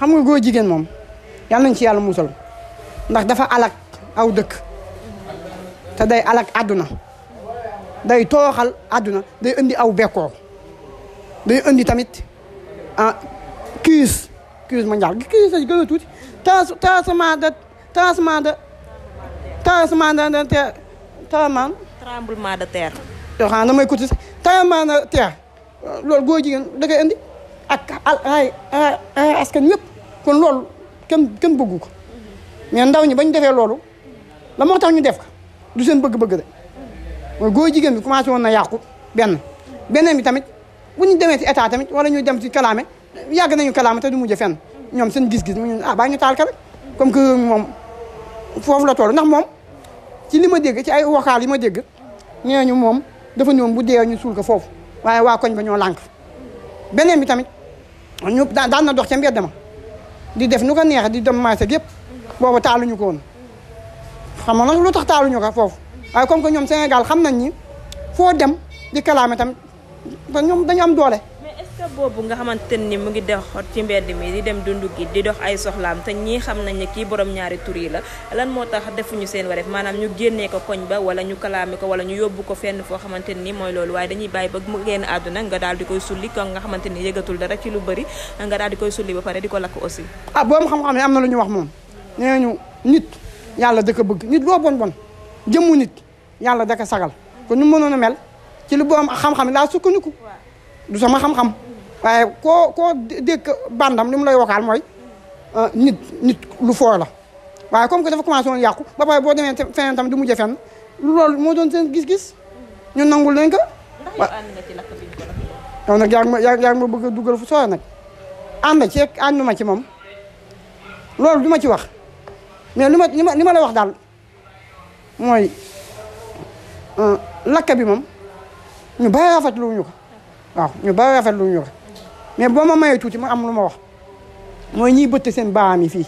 xam nga góor jigéen moom yal nañ ci yàlla musal ndax dafa alak aw dëkk te day alak àdduna day tooxal àdduna day indi aw bekkoo day indi tamit ah crise crise mondiale crise a gën a tuuti trans transement de transement de transement de terre tremblement tremblement de terre yoo xam damay kuti tremblement de terre loolu góor jigéen da koy indi ay askan ñëpp kon loolu kenn kenn bëggu ko mais ndaw ñi bañ defee loolu la moo tax ñu def ko du seen bëgg-bëgg de mooy góor jigéen bi commencé woon na yàqu benn beneen bi tamit bu ñu demee ci état tamit wala ñuy dem ci kalaame yàgg nañu kalaame te du mujj ñoom seen gis-gis mu ñu ñu ah, taal comme que moom foofu la toll ndax moom ci li ma dégg ci ay vocal yi ma dégg nee moom dafa ñoom bu dee ñu suul foofu waaye waa koñ ba ñoo lànk beneen bi tamit ñu daan na dox ca mbedd ma di def nu ko neex di dem marché gépp boobu taaluñu ko woon xam nga nag lu tax taaluñu ko foofu waaye comme que ñoom Sénégal xam nañ ni foo dem di kalaame tam te ñoom dañu am doole te boobu nga xamante ni mu ngi dox ci mbedd mi di dem dund gi di dox ay soxlaam te ñii xam nañ ne kii borom ñaari tur yi la lan moo tax defuñu seen wareef maanaam ñu génnee ko koñ ba wala ñu kalaame ko wala ñu yóbbu ko fenn foo xamante ni mooy loolu waaye dañuy bàyyi ba mu génn àdduna nga daal di koy sulli kon nga xamante ni yëgatul dara ci lu bëri nga daal di koy sulli ba pare di ko lakk aussi ah boobu xam-xam yi am na lu ñu wax moom nee ñu nit yàlla da ko bëgg nit loo bon bon jëmmu nit yàlla a mel ci lu boom xam-xam laa sukkandiku du waaye koo koo dégg bandam li mu lay waxaal mooy euh, nit nit lu foo la waaye comme que dafa commencé woon yàqu ba pare boo demee feneen tam du mujjee fenn loolu moo doon seen gis-gis ñu nangul lañ ko. ndax yow ànd nag yaa ngi ma yaa ngi ma bëgg a dugal fu sooy nag ànd ci àndu ma ci moom loolu du ma ci wax mais li ma li ma li ma la wax daal mooy euh, lakk bi moom ñu bàyyi rafetlu wuñu ko waaw ñu bàyyi rafetlu wuñu ko. mais boo ma mayee tuuti ma am lu ma wax mooy ñii bëtt seen baam yi fii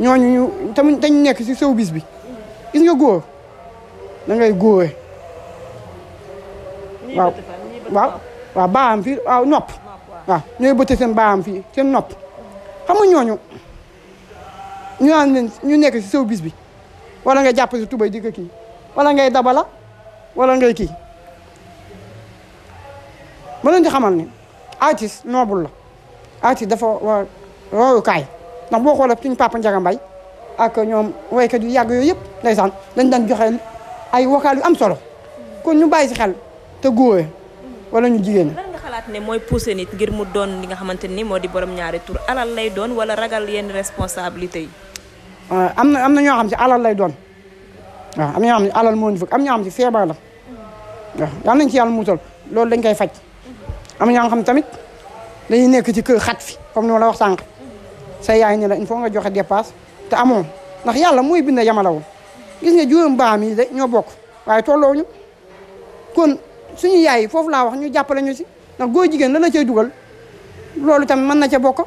ñooñu ñu tamit dañ nekk si sow bi gis nga góor da ngay baam fii waaw nopp ñooy bëtt seen baam fii seen nopp xam nga ñooñu ñu naan leen ñu nekk si sow bis bi wala nga jàpp si tubay di ko kii wala ngay dabala walla ngay kii ma leen di xamal ni artiste noble la artiste dafa war royukaay ndax boo xoolee suñu papa Ndiaga Mbaye ak ñoom waykat yu yàgg yooyu yëpp ndeysaan dañ daan joxe ay vocal yu am solo kon ñu bàyyi ci xel te góore wala ñu jigéen lan xalaat ne mooy pousser nit ngir mu doon li nga xamante ni moo di borom ñaari tur alal lay doon wala ragal yenn responsabilité yi. Euh, am na am na ñoo xam si alal lay doon waa am na ñoo xam ne alal moo ñu fëgg am ñoo xam si feebar la waaw yal nañu ci yàlla musal loolu dañ koy faj. am ñoo xam tamit dañuy nekk ci kër xat fi comme ni ma la wax sànq sa yaay ni la il nga joxe dépasse te amoo ndax yàlla mooy bind yamalaw gis nga juróom mbaam yi de ñoo bokk waaye tolloo ñu kon suñu yaay yi foofu laa wax ñu jàppale ñu si ndax góor jigéen la la cay dugal loolu tamit mën na ca bokk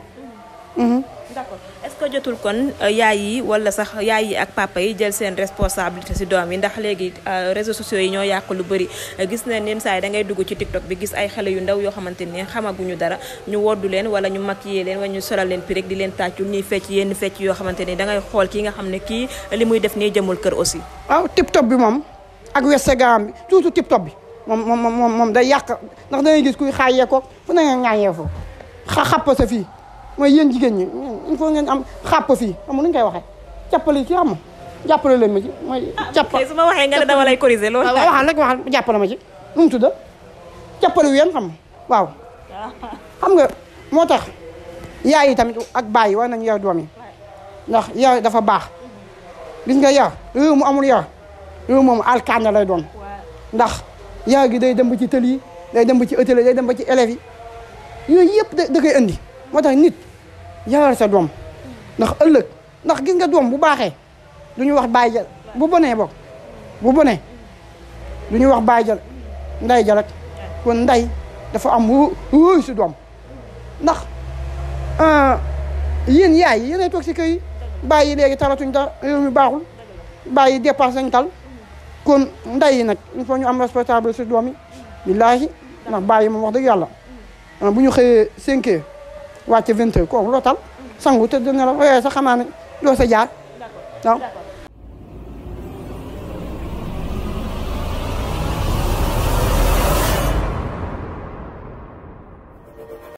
mhm. d'accord ko jotul kon euh, yaay yi wala sax yaay yi ak papa yi jël seen responsabilité si doom yi ndax léegi euh, réseaux sociaux yi ñoo yàq lu bëri euh, gis na nim saa yi da ngay dugg ci tiktok bi gis ay xale yu ndaw yoo xamante ni xamaguñu dara ñu woddu leen wala ñu maquillé leen wala ñu solal leen pirig di leen tàccul ñuy fecc yenn fecc yoo xamante ni dangay xool kii nga xam ne kii li muy def nii jëmul kër aussi waaw tiktok bi moom ak westegaam bi surtout tiktok bi moom moom moom moom day yàq ndax dangay gis kuy xaayee ko na nga ñaayee xa xappa sa mooy yéen jigéen ñi il ngeen am xàpp fii xam nga nu ñu koy waxee jàppale ci xam nga jàppale leen ma ci mooy. Ah, jàpp su ma waxee nga ne dama lay corriger loolu. Ah, waaw waxal rek waxal jàppale ma ci nu mu tudd jàppale wu yéen xam waaw. xam nga moo tax yaay yi tamit ak baay yi war nañu yar doom yi ndax yaay dafa baax gis nga yar réew mu amul yar réew moom alkaana lay doon ndax yar gi day dem ba ci tël yi day dem ba ci hôtel yi day dem ba ci élèves yi yëpp da da koy indi. moo tax nit yaral sa doom ndax ëllëg ndax gis nga doom bu baaxee lu ñu wax bàyyi jal bu bonee bokk bu bonee lu ñu wax bàyyi jal nday jalat kon nday dafa am wóoy si doom ndax euh, yéen yaay yi yéenay toog si kër yi bàyyi léegi talatuñ dara réew mi baaxul bàyyi dépasse nañ tal kon nday yi nag il faut ñu am respectable si doom yi billaahi ndax yi moom wax dëgg yàlla bu ñu xëyee 5 wàcc vingt heures kooku loo tal sangu tëdd nelaw yooyu sax xamaa ne doo sa jaar waaw